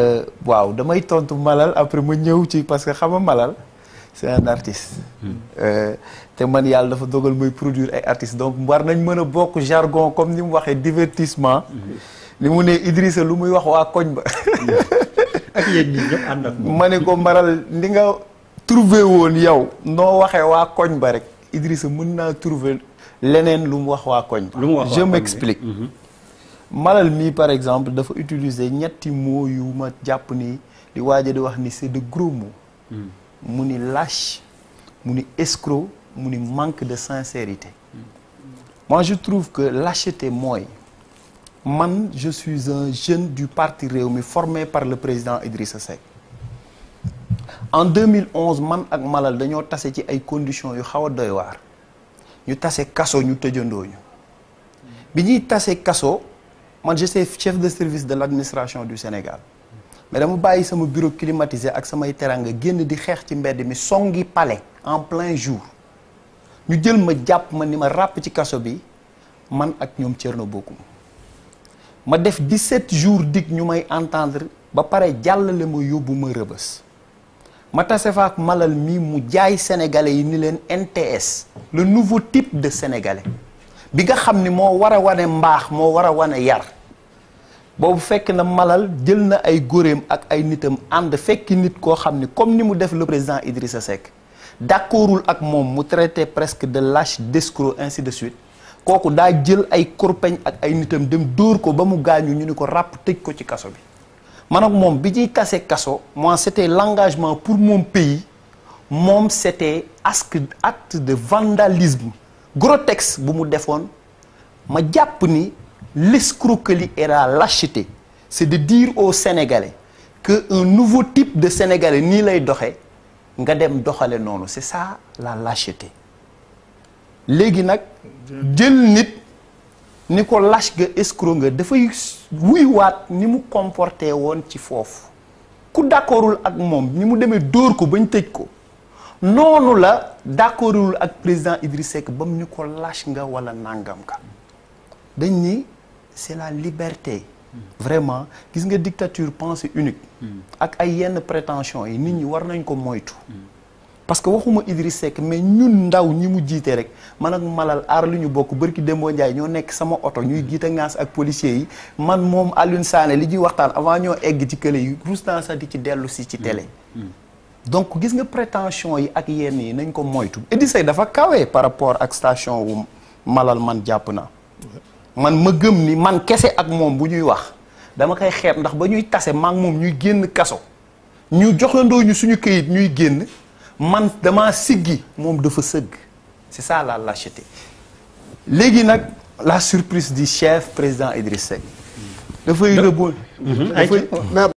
Euh, waaw damay tontu Malal après ma ñëw ci parce que xama nga Malal c'est un artiste. Hmm. Euh, te man yàlla dafa dogal muy produire ay artistes donc war nañ mën a bokk jargon comme ni mu waxee divertissement. Hmm. ni mu ne Idrissa lu muy wax waa koñ ba. ak ma ne ko Malal ni nga trouver woon yow noo waxee waa koñ ba rek Idrissa mun naa trouver leneen lu mu wax waa koñ ba. lu mu wax je m'explique. Hmm. malal mi par exemple dafa utiliser ñetti mots yu ma jàpp ni li waaja di wax ni c'est de gros hmm. mu ni lâche mu ni escroc mu ni manque de sincérité hmm. moi je trouve que lâcheté mooy man je suis un jeune du parti réew mi formé par le président Idrissa sec en 2011 man ak Malal dañoo tase ci ay conditions yu xaw a doy waar ñu tase kaso ñu tëjandoo ñu hmm. bi ñuy tase kaso man j'étais chef de service de l'administration du Sénégal mais dama bàyyi sama bureau climatisé ak samay teranga génn di xeex ci mbedd mi songi palais en plein jour ñu jël ma jàpp ma ni ma ràpp ci kaso bi man ak ñoom na Bocoum ma def 17 jours dig ñu may entendre ba pare jàllale ma yóbbu ma rëbës ma tase fa ak malal mi mu jaay sénégalais yi ni leen NTS le nouveau type de sénégalais bi nga xam ni moo war a wane mbaax moo war a wane yar boobu fekk na Malal jël na ay góoreem ak ay nitam ànd fekk nit koo xam ni comme ni mu def le président Idrissa Seck d'accordul ak moom mu traité presque de lâche d'escroc ainsi de suite kooku daa jël ay kurpeñ ak ay nitam dem dóor ko ba mu gaañu ñu ni ko ràpp tëj ko ci kaso bi man ak moom bi ñuy tase kaso moi c'était l'engagement pour mon pays moom c'était acte acte de vandalisme gros texte bu mu defoon ma jàpp ni l'escroquerie et la lâcheté c'est de dire aux Sénégalais que un nouveau type de Sénégalais nii lay doxee nga dem doxale noonu c'est ça la lâcheté léegi nag jël nit ni ko lâche nga escroc nga dafay waat ni mu comporté woon ci foofu ku d'accordul ak moom ni mu demee dóor ko bañ tëj ko noonu la d'accordul ak président Idriss Seck ba mu ñu ko lâche nga walla nangam ka dañ ni c'est la liberté vraiment gis nga dictature pensée unique mm. ak ay yenn prétention yi nit ñi war nañ ko moytu mm. parce que waxuma Idriss Seck mais ñun ndaw ñi mu jiite rek man ak Malal aar lu ñu bokk bërki Dembo Ndiaye ñoo nekk sama oto ñuy jiite ngaas ak policiers yi man moom Alioune Sané li ñuy waxtaan avant ñoo egg ci kële yi ruus naa sax di ci dellusi ci télé mm. donc gis nga prétention yi ak yenn yi nañ ko moytu Edisey dafa kawe par rapport ak station wu malal man jàpp na man ma gëm ni man kese ak moom bu ñuy wax dama koy xeeb ndax ba ñuy tase maak moom ñuy génn kaso ñu joxandoo ñu suñu këyit ñuy génn man dama siggi moom dafa sëgg c'est ça la lâcheté léegi nag la surprise du chef président Idriss dafay rëbb mhm.